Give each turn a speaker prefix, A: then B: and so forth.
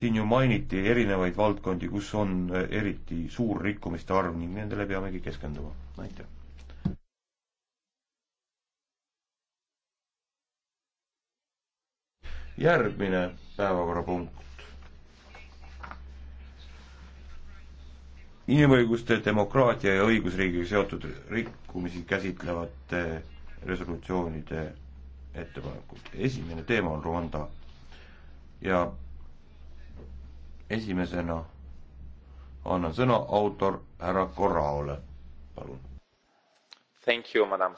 A: siin ju mainiti erinevaid valdkondi, kus on äh, eriti suur rikkumiste arv ning nendele peamegi keskenduma. aitäh. järgmine päevakorrapunkt. inimõiguste, demokraatia ja õigusriigiga seotud rikkumisi käsitlevate resolutsioonide ettepanekud. esimene teema on Rwanda ja esimesena annan sõna autor härra Corraole, palun.
B: Thank you, madam.